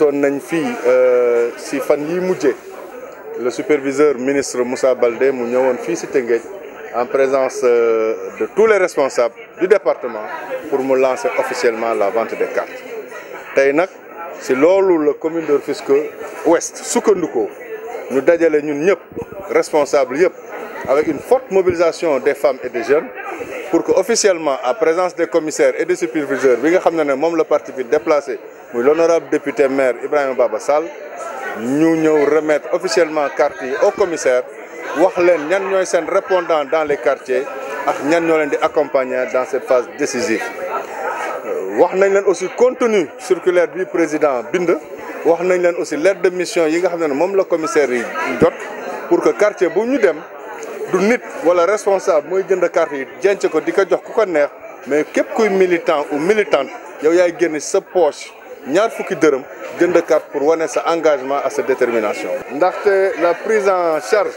gisoon nañ euh, le superviseur ministre Moussa Balde, en présence euh, de tous les responsables du département pour me lancer officiellement la vente des cartes Taïnak, c'est l'heure loolu la commune de Rufisque Ouest sukkandikoo nous avons ñun ñëpp responsables, avec une forte mobilisation des femmes et des jeunes pour que officiellement à présence des commissaires et des superviseurs nous nga xam parti bi déplacé l'honorable député maire Ibrahim Baba nous ñu remettre officiellement le quartier au commissaire Nous leen ñan répondants dans les quartiers et nous les dans cette phase décisive euh, Nous avons leen aussi contenu circulaire du président Binde, nous avons aussi l'aide de mission yi nga commissaire pour que le quartier bu ñu du nit wala responsable moy jënd carte yi denc ko di jox ku ko neex mais képp kuy militant ou militante yow yaay génne sa poche ñaar fukki dërëm jënd carte pour wane sa engagement à sa détermination. ndaxte la prise en charge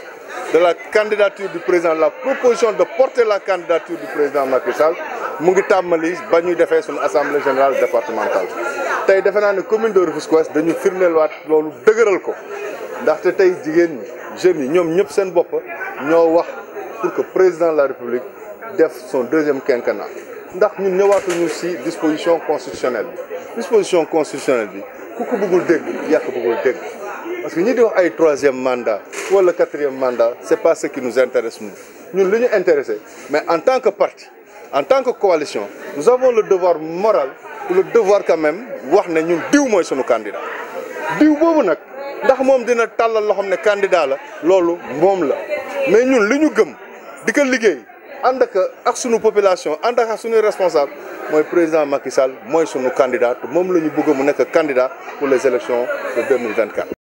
de la candidature du président la proposition de porter la candidature du président Macky Sall mu ngi tàmmali ba ñuy defee assemblée générale départementale tey defe naa ne commune de Rufus dañu firndeel waat loolu dëgëral ko ndaxte tey jeunes mis ñoom ñëpp seen bopp pour que président de la république fasse son deuxième quinquennat Nous avons aussi ci disposition constitutionnelle disposition constitutionnelle bi ku bëggul dégg parce que nous, di wax ay troisième mandat ou le quatrième mandat n'est pas ce qui nous intéresse nous ñun nous ñu mais en tant que parti en tant que coalition nous avons le devoir moral le devoir quand même de voir ñun diw candidats. sunu candidat diw candidats ndax mom dina talal loo xam candidat la lolu mom la mais ñun li ñu gëm di liggéey ànd ak ak sunu population ànd ak suñuy responsable moy président Macky Sall moy sunu candidat mom lañu bëgg mu nekk candidat pour les élections de 2024